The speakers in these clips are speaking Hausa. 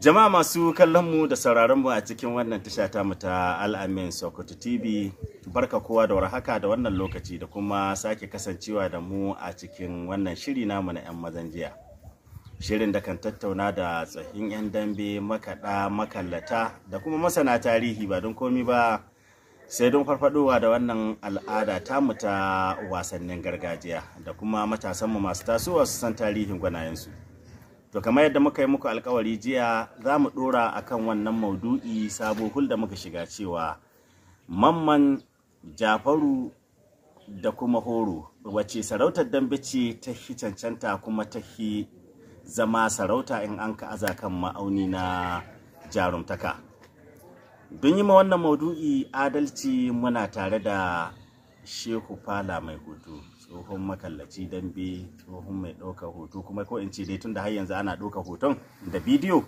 Jama'a masu kallon mu da sauraron mu a cikin wannan tasha ta mu ta Al'amin Sokoto TV. Barka kowa da warhaka da wannan lokaci da kuma sake kasancewa da mu a cikin wannan shiri namu na 'yan mazan jiya. Shirin da kan tattauna da tsohin 'yan dambe makaɗa makallata da kuma masana tarihi ba don komi ba sai don farfadowa da wannan al'ada mu ta wasannin gargajiya da kuma matasan mu masu tasowa su san tarihin gwanayensu. su. to kamar yadda muka yi muku alkawari jiya za mu dora akan wannan maudu'i sabo hulda muka shiga cewa mamman jafaru da kuma horo wace sarautar dambe ce ta hi cancanta kuma ta hi zama sarauta in an ka aza kan ma'auni na jarumtaka don yi ma wannan maudu'i adalci muna tare da shehu fala mai hutu tsohon makallaci dambe tsohon mai ɗaukar hoto kuma ko in ce dai tun da har yanzu ana ɗauka hoton da bidiyo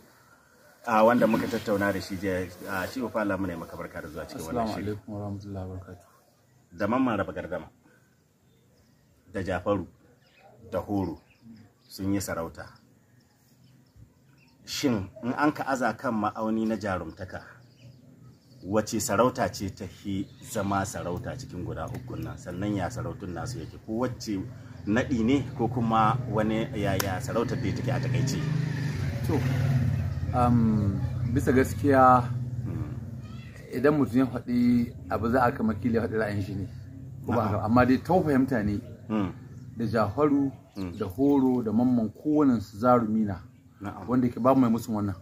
a wanda muka tattauna da shi a shi ufa Allah muna maka barka da zuwa cikin wannan shiri alaikum warahmatullahi wabarakatuh da mamman raba gardama da Jafaru da Horo sun yi sarauta shin in an ka aza kan ma'auni na jarumtaka wace sarauta ce ta hi zama sarauta cikin guda uku nan sannan ya sarautun nasu yake ko wacce naɗi ne ko kuma wani yaya sarautar da take a takaice to um, bisa gaskiya hmm. idan mutum ya faɗi abu za a kama kila faɗi ra'ayin shi ne amma dai ta fahimta ne hmm. da jaharu hmm. da horo da mamman kowanne su zarumi na wanda ke ba mai musu wannan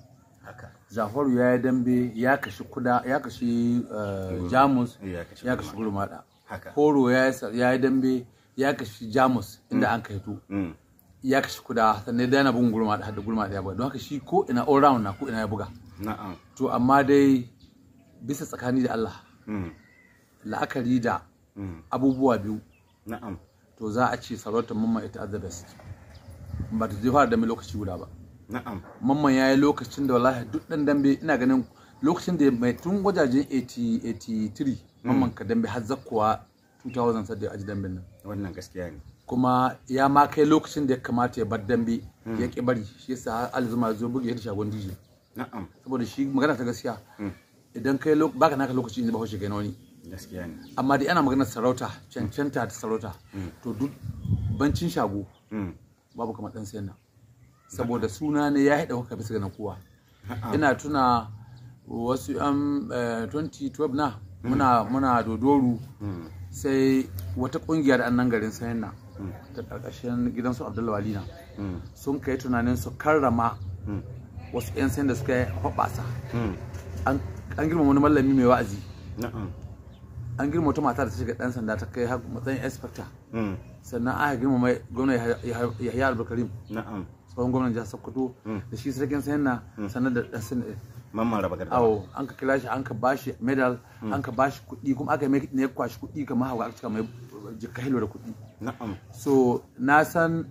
zafaru ya yi dambe ya kashi kuda ya kashi eh, jamus eh, ya kashi gurmada horo ya yi dambe ya kashi jamus inda mm. an kaito mm. ya kashi kuda sannan da yana bugun gurmada har da gurmada ya buga don haka shi ko ina all round na ko ina ya buga to amma dai bisa tsakani da Allah mm. la'akari da abubuwa biyu to za a ce sarautar mamman ita the best ba ta zai fara da mai lokaci guda ba mamman ya yi lokacin da wallahi duk dan dambe ina ganin lokacin da mai tun wajajen 83 mm. mamman ka dambe har zakkuwa 2000 sadda ya aji damben nan wannan gaskiya ne kuma ya ma kai lokacin da ya kamata ya bar dambe mm. ya ki bari shi yasa alzuma zo buge ya shagon dije na'am saboda shi magana ta gaskiya mm. idan kai baka naka lokaci inda ba hoshi kai wani gaskiya ne amma dai ana magana sarauta cancanta da sarauta to duk bancin shago babu kamar dan sayan nan saboda suna ne ya haɗa kuka bisa ga kowa ina tuna wasu yan 2012 eh, na muna muna dodoru hmm. sai wata kungiyar annan garin sayan na hmm. ta ƙarƙashin gidansu abdullawali na hmm. sun kai tunanin su karrama wasu 'yan sayan da suka yi hoɓasa an girma wani mallami mai wa'azi an girma wata mata da ta shiga ɗan sanda ta kai matsayin inspector sannan aka girma mai gwamna yahya na'am tsohon gwamnan jihar Sokoto mm. da shi sarkin sayanna mm. sanar da dasin eh, mamman raba gardama awo an ka kila shi an ka bashi medal mm. an ka bashi kuɗi kuma aka mai ne kwashi kuɗi kamar hawa aka cika mai jikka hilo da kuɗi na'am so na san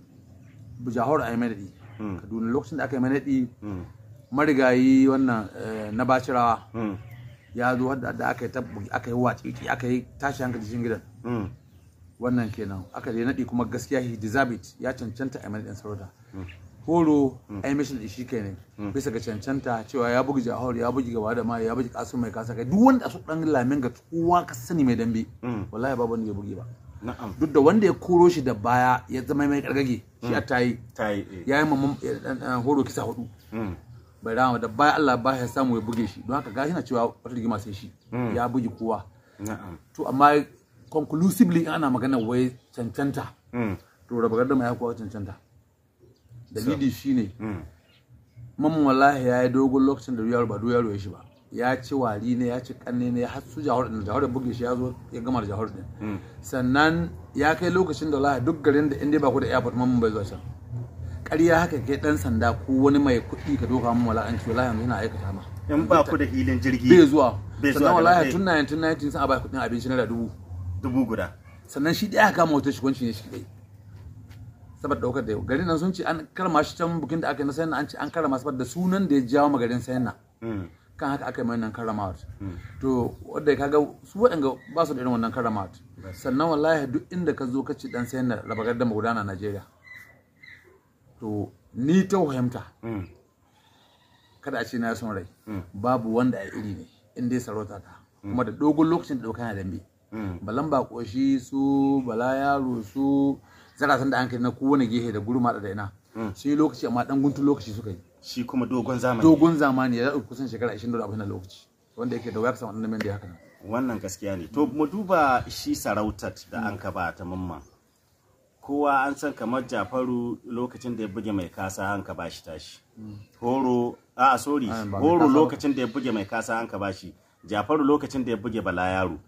bujahor ayi mai kaduna lokacin da aka yi mai marigayi wannan eh, na bacirawa ya zo da aka yi aka yi waƙiƙi aka yi tashi hankali cikin gidan wannan kenan aka yi naɗi kuma gaskiya he deserve it ya cancanta a yi ɗin sarauta horo mm. a yi mishi da shi kenan mm. bisa ga cancanta cewa ya bugi jahor ya bugi gaba da mai ya bugi kasu mai kasa kai duk wanda su dan lamin ga kowa ka sani mai dambe mm. wallahi babu wanda ya bugi ba duk da wanda ya koro shi da baya ya zama mai kargage shi ya tayi eh. ya yi mamman horo kisa hudu bai rama da baya Allah ba ya samu ya buge shi don haka gashi na cewa wata rigima sai shi ya bugi kowa to amma conclusively ana magana wai cancanta to raba da ya kowa cancanta dalili shine mm. man wallahi ya yi dogon lokacin da ruwa ba ruwa ya shi ba ya ci wari ne ya ci kanne ne har su jahar din jahar buge shi ya zo ya gama da jahar din mm. sannan ya kai lokacin da wallahi duk garin da inda ba ku da airport man bai zuwa can ƙarya haka kai dan sanda ko wani mai kuɗi ka doka mun wallahi an ce wallahi yanzu yana aikata ma in ba ku da hilin jirgi bai zuwa sannan wallahi tun 1990 sun a ba kuɗin abinci na da dubu dubu guda sannan shi ɗaya kama wata shi kwanci ne shi kadai saboda daukar da yau garin nan sun ce an karma shi can bukin da aka yi na sayan an ce an karama saboda sunan da ya jawo ma garin sayan na hmm. kan haka aka yi mai nan wata. Hmm. to wadda kaga su waɗanda ba su da irin wannan wata. sannan wallahi duk inda ka zo ka ci dan sayan na raba gardan magudana Najeriya to ni ta fahimta hmm. kada a ce na son rai babu wanda a iri ne in dai sarauta ta kuma da dogon lokacin da ɗauka na dambe balan ba koshi su bala yaro su san da an kai na kowane gehe da gurma da ina mm. sai lokaci amma dan guntun lokaci suka yi shi kuma dogon zamani dogon zamani ya zaɓi kusan shekara 20 da abin na lokaci wanda yake da wayar wannan men da haka wannan gaskiya ne to mu duba shi sarautar da mm. an ka ba ta mamma kowa an san kamar jafaru lokacin da ya buge mai kasa an ka bashi tashi mm. horo a sorry horo lokacin da ya buge mai kasa an ka bashi jafaru lokacin da ya buge bala yaro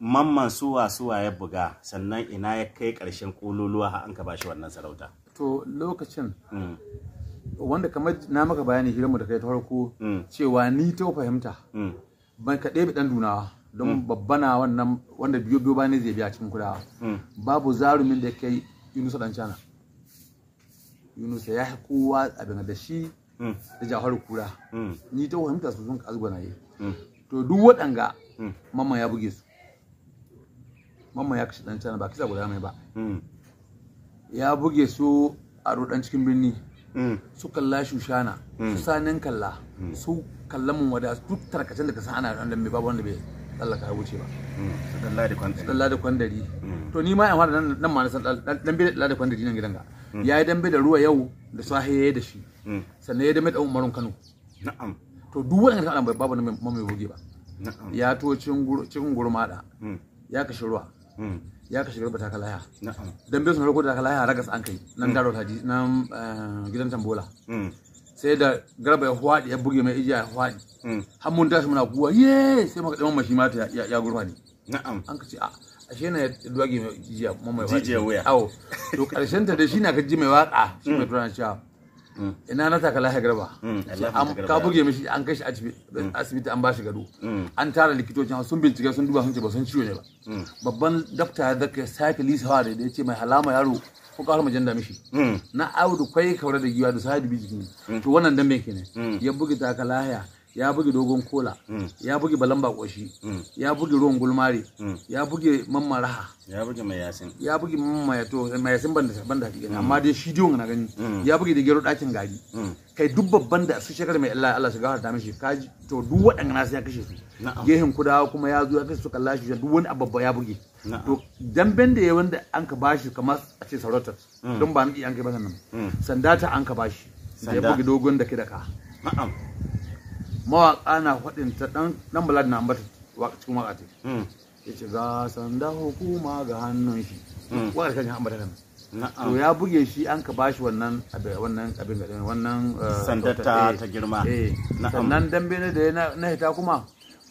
mamman suwa suwa ya buga sannan ina ya kai ƙarshen kululuwa an ka bashi wannan sarauta to lokacin mm. wanda kamar na maka bayani mu da kai ta farko mm. cewa ni ta fahimta mm. ban ka bi ɗan dunawa don babbana wannan wanda biyo biyo bane zai biya cikin kudawa babu zarumin da kai yunusa dan cana yunusa ya yi kowa abin da shi da jahar kura ni ta fahimta su sun ka na yi to duk waɗanga mamman ya buge su mamma ya kashe dan cana ba kisa guda mai ba hmm. ya buge su a rudan cikin birni hmm. su kalla shushana hmm. su sanin kalla su mun wada duk tarkacin da ka san ana dan mai babu wanda bai tsallaka ya wuce ba su dalla da kwandari to ni ma yan fara nan ma na san dan bai da kwandari nan gidan ga ya yi dambe da ruwa yau da yi da shi sannan ya dambe da umarun kano na'am to duk wani kan babu na mai buge ba ya to cikin gurmada ya kashe ruwa ya ka garba ta kalaya dan bai sunar ko da kalaya ragas an kai nan garo mm. ta nan eh, gidan tambola mm. sai da garba ya hwadi ya buge mai ijiya ya hwadi mm. har mun tashi muna kuwa ye sai muka dama mashi mata ya gurfa ne na'am an kace a ah, ashe na duwage mai ijiya mamma ya hwadi ji wuya awo to karshen ta da shi na kaji mai waka shi mai turanci cewa ina na taka lafiya mm, garba ka buge mishi an kai shi asibiti mm. an bashi gado mm. an tara likitocin sun bincike sun duba sun ce ba sun ciwo ne ba babban dakta da ka sake lisawa da ya ce mai halama yaro ko ka halama janda mishi na abu da kwai kawar da giwa da bi jikin to wannan dambe kenan ya buge taka ya bugi dogon kola mm. ya bugi balan bakoshi mm. ya bugi ruwan gulmare mm. ya buge mammaraha ya bugi mai yasin ya buge mai to mai yasin banda banda hakika amma dai shi diwon na gani ya bugi da gero dakin gari kai duk babban da su shekara mai Allah Allah shiga ta mishi ka to duk waɗannan nasu ya kashe su gehen kudawa kuma ya zo ya kashe su kallashi duk wani ababba ya bugi to damben da ya wanda an ka bashi kamar a ce sarauta don ba ni an kai ba sannan sanda ta an ka bashi sai bugi dogon da da ka. mawaƙa na faɗin ta ɗan ɗan balad na ambata cikin waƙa ce mm. ya ce ga sanda hukuma ga hannun shi mm. waƙar kan ambata kan to ya buge shi an ka bashi wannan wannan abin da wannan eh, sanda ta eh, ta girma eh. sannan dambe ne da na hita kuma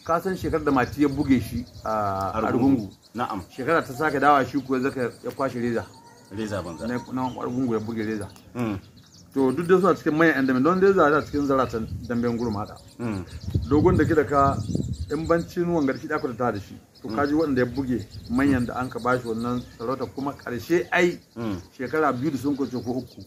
ka san shekarar da mati ya buge shi a argungu na'am shekara ta sake dawa shi kuwa zaka ya kwashe reza reza banza na argungu ya buge reza mm. to duk da suna cikin manyan yan dambe don reza yana cikin ta damben gurma da dogon da kida ka in bancin wanga da kida ta da shi to kaji wanda ya buge manyan da an ka bashi wannan sarauta kuma karshe ai shekara biyu da sun kwace ko uku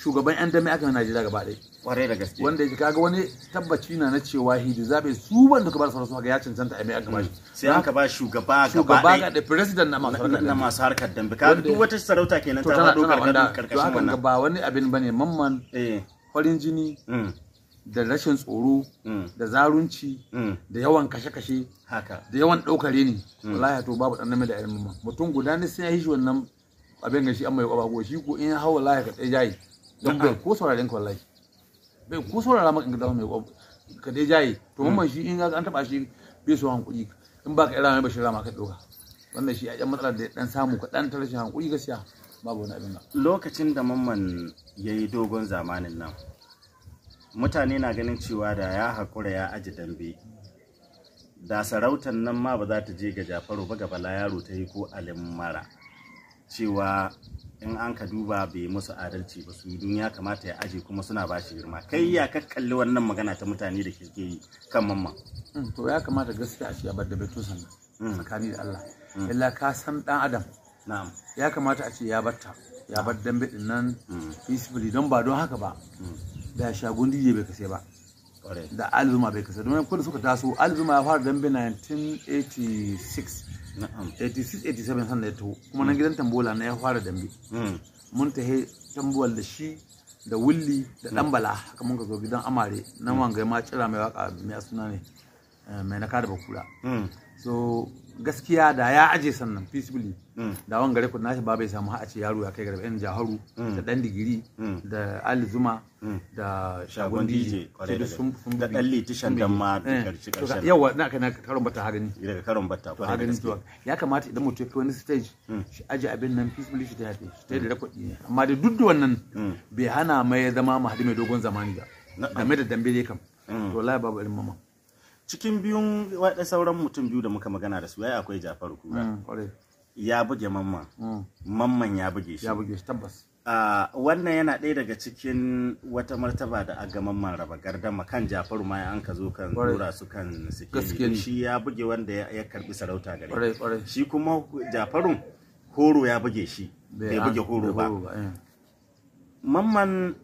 shugaban yan dame aka jira gaba ɗaya kware da gaske wanda yake kaga wani tabbaci na na cewa hidi zabe su wanda ka ba sarauta ga ya cancanta a mai aka bashi sai an ka ba shugaba gaba ɗaya da president na masu harkar na masu harkar dambe kaga duk wata sarauta kenan ta faɗo karkashin wannan to haka ba wani abin bane mamman eh. farin jini mm. da rashin tsoro mm. da zarunci mm. da yawan kashe-kashe da yawan ɗaukare ne mm. wallahi to babu ɗan namiji da irin mamman mutum guda ne sai ya yi shi wannan abin gashi an mai ƙwabago shi ko in hawa lahi ka tsaye jaye don bai ko sauraren ka wallahi bai ko saurara maka in ka mai ƙwabago ka dai jaye to mamma shi in ga an taɓa shi bai so hankuli in ba ka ira mai bashira ma ka ɗauka wannan shi a ɗan matsalar da ɗan samu ka ɗan tarashin hankuli gaskiya babu wani abin ba. lokacin da mamman ya yi dogon zamanin nan mutane na ganin cewa da ya haƙura ya aji dambe da sarautar nan ma ba za ta je ga jafaru ba ga bala yaro ta yi ko alin mara cewa in an ka duba bai musu adalci ba su duniya kamata ya aje kuma suna ba shi girma kai ya ka kalli wannan magana ta mutane da ke yi kan mamman mm, to ya kamata gaskiya a ce a bar da beto sannan mm. tsakani da Allah mm. illa ka san dan adam na'am ya kamata a ce ya batta ya bar dambe din nan mm. peacefully don ba don haka ba mm. da shagon dj bai kase ba da alzuma bai kase domin kudu suka taso alzuma ya fara dambe 1986 87 sanda ya taho kuma mm. nan gidan tambola na ya fara dambe mun tahe tambuwal da shi da willi da dan bala haka mun ka zo gidan amare nan wangai ma cira mai waka mai suna ne eh, mai na kada bakura so gaskiya da ya aje sannan peacefully mm. da wanga rekod nashi ba bai samu a yaro ya kai garba yan jaharu mm. da dan digiri mm. da ali zuma da shagon dj da dan litishan dan ma eh. karshe karshe yawa na kai na karon bata ha gani daga karon bata to ha gani to ya kamata idan mutum ya kai wani stage shi aje abin nan peacefully shi ta yafe shi ta da rekod amma da duk da wannan bai hana mai zama mahadi mai dogon zamani ba game da dambe dai kam to lai babu ilmama cikin biyun waɗa sauran mutum biyu da muka magana da su ya akwai jafar kura mm, ya buge mamman mm. mamman ya buge shi ya buge shi tabbas wannan yana ɗaya daga cikin wata martaba da aga mamman raba gardama kan jafaru ma an ka zo kan dora su kan sikeli shi ya buge wanda ya karbi sarauta gare shi kuma jafarun horo ya buge shi bai buge horo ba eh. mamman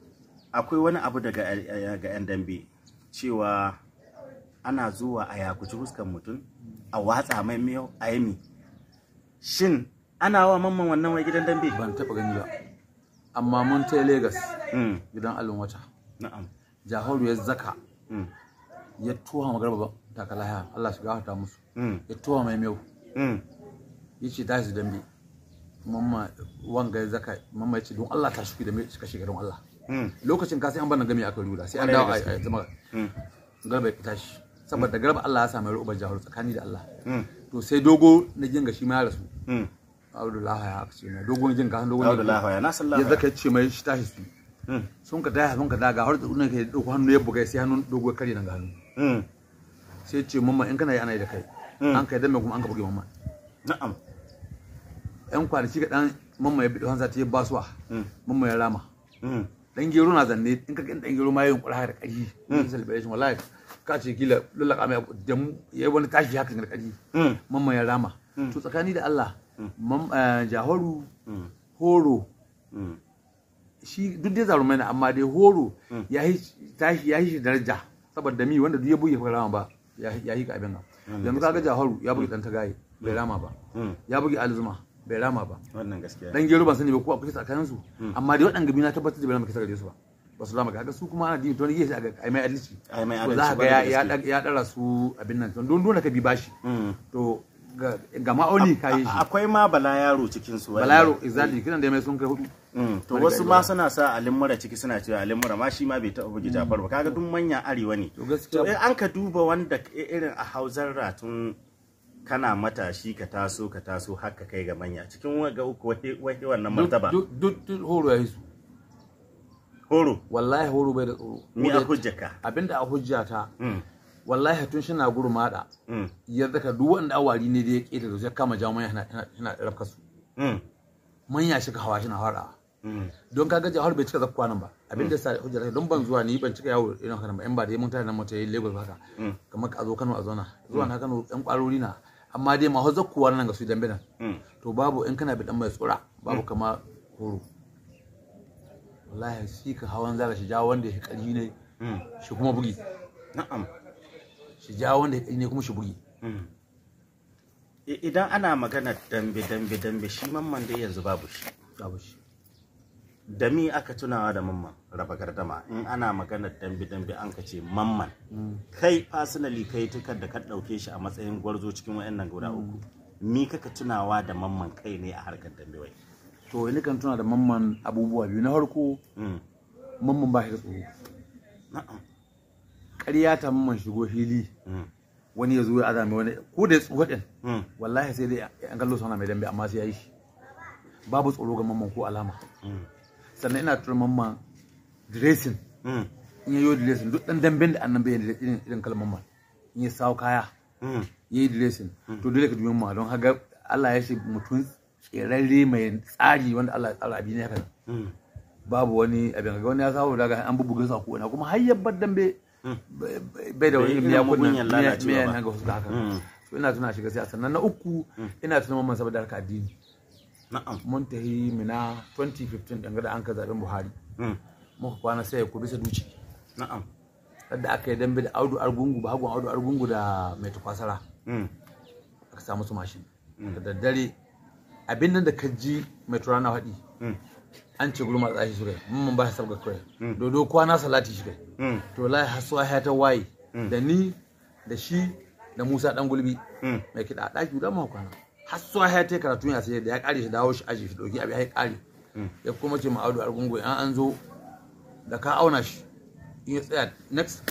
akwai wani abu daga eh, 'yan dambe cewa ana zuwa a yakuci huskan mutum a watsa mai miyau a yami shin ana wa mamman wannan wai gidan dambe ban taɓa gani ba amma mun ta Legas mm. gidan alun wata na'am jahoru ya zaka mm. ya tuwa Garba ba takalaya Allah shiga hata musu mm. ya tuwa mai miyau ta shi dambe mamma wanga ya zaka mamma ce don Allah ta shuki dambe suka shiga don Allah lokacin ka sai an bar nan gami aka rura sai an dawo a zama garba ya tashi saboda garba Allah ya sami rubar jahar tsakani da Allah hmm. to sai dogo na jinga shi ma ya rasu hmm. Abdullahi ya aka ce jin dogon jinga dogon Abdullahi ya na ya zaka ce mai shi tashi su hmm. sun ka daya sun ka daga har tsunan kai dauko hannu ya buga sai hannun dogo ya kare nan ga hannu sai ce mamma in kana yi ana yi da kai an kai dan me kuma an ka buge mamma na'am yan kwanaki ka dan mamma ya bi dohan zata yi basuwa mamma ya rama dan gero na zanne in ka kin dan gero ma yin kura da kai celebration wallahi ka ce kila ka mai da yayi wani tashi haka da kaji mm. mamma ya rama mm. to tsakani da Allah mm. Mam eh, jahoru horo shi duk dai zarumai na amma dai horo ya yi tashi ya yi shi daraja saboda mi wanda duk ya buge rama ba ya yi ka abin nan yanzu kaga jahoru ya buge dan gaye bai rama ba ya buge alzuma bai rama ba wannan gaskiya dan gero ban sani ba ko akwai tsakanin su amma dai waɗanda bi na tabbatar da bai rama kisa gare su ba ba su zama kaga su kuma ana dini to ne a ai mai adalci ai za ga ya ya dara su abin nan don dole ka bi bashi mm. to ga ma'auni ka yi shi akwai ma bala yaro cikin su bala yaro exactly kiran da mai sun kai hudu mm. to wasu ma suna sa alin mura ciki suna cewa alin mura ma shi ma bai taɓa bugi mm. jafar ba kaga duk manya arewa ne to an ka duba wanda irin a hausar ratun kana matashi ka taso ka taso haka kai ga manya cikin ga uku wahi wannan martaba duk horo ya yi su horo wallahi horo bai da tsoro ni a hujjaka abinda a hujjata mm. wallahi tun shi na maɗa mm. yadda ka duk wanda awari ne da ya keta da zai kama jami'a yana yana rafka su mm. manya shi ka hawa shi na fara don kaga jahar bai cika zakkuwa nan ba abin da sa ta don ban zuwa ni ban cika yawo irin haka ba in ba da mun tare nan mu ta yi Lagos haka kamar ka zo Kano a zauna zuwa na Kano yan kwarori na amma dai ma hozakkuwa nan ga su dambe nan to babu in kana bi dan mai tsora babu kama horo wallahi shi ka hawan zara shi jawo wanda ya ƙarfi ne mm. shi kuma bugi na'am shi jawo wanda ya ƙarfi ne kuma shi bugi mm. idan ana magana dambe dambe dambe shi mamman dai yanzu babu shi babu shi da mi aka tunawa da mamman raba gardama in ana maganar dambe dambe an ka ce mamman mm. kai personally kai tukar da ka ɗauke shi a matsayin gwarzo cikin wayannan guda uku mi kaka tunawa da mamman kai ne a harkar dambe wai to ni kan tuna da mamman abubuwa biyu na harko mm. mamman ba shi da tsoro ƙarya ta mamman shigo fili mm. wani ya zo ya azame wani ko da ya tsuwa ɗin mm. wallahi sai dai an kallo sana mai dambe amma sai ya yi shi babu tsoro ga mamman ko alama sannan ina tura mamman dressing in ya yi dressing duk ɗan damben da annan bai irin kalmar mamman in ya sawo kaya ya yi dressing to dole ka dubi mamman don haka Allah ya shi mutum tsirarre mai tsari wanda Allah ya tsara kan hmm. babu wani abin ga wani ya samu daga an bubuga sa ko kuma har yabbar dambe hmm. bai da wani miya kuna miya nan ga wasu da haka so hmm. ina tuna shiga siyasa sannan na uku ina tuna mamman saboda harka addini mun ta yi mina 2015 dangane da an ka zaben Buhari muka kwana sai ku bisa duci yadda sadda aka yi dambe da Audu Argungu ba hagun Audu Argungu da mai tukwasara aka samu su mashin da daddare abin nan da ka ji mai turana haɗi mm. an ce gulma tsashi shi kai mun ba shi sabga kawai mm. dodo kwana salati shi kai mm. to lai hasu a ta waye da ni da shi da Musa dan gulbi mai kiɗa ɗaki guda ma kwana hasu ya ta karatu ya sai da ya ƙare shi dawo shi aji shi doki abi ya ƙare ya kuma ce ma'audu argungu an an zo da ka auna shi in ya tsaya next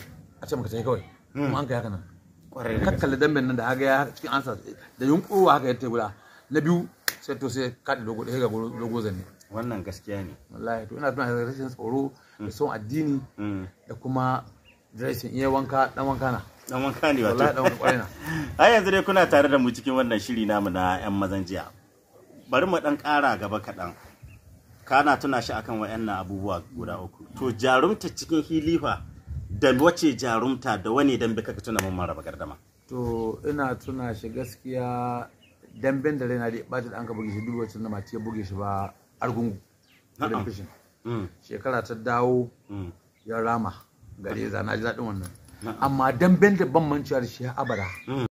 a ce maka kawai kuma an kai haka nan kakkalle damben nan da haka ya cikin ansa da yunƙurwa haka ya tebula na biyu sai to sai kaɗi dogo ɗaya ga dogo zanne wannan gaskiya ne wallahi to ina tuna da rashin tsoro da mm. son addini mm. da kuma rashin iya wanka dan wanka na dan wanka ne wato wallahi dan wanka na a yanzu dai kuna tare da mu cikin wannan shiri namu na yan mazan jiya bari mu dan ƙara gaba kaɗan kana tuna shi akan wayannan abubuwa guda uku to jarumta cikin hilifa da wace jarumta da wani dan bi kaka tuna mun mara bagardama to ina tuna shi gaskiya dan ben da raina dai ta da an ka buge shi dubu wacin na mace buge shi ba argungu wurin fishin mm. shekara ta dawo mm. ya rama gare za na ji daɗin wannan amma dan ben da ban mancewa shi abada mm.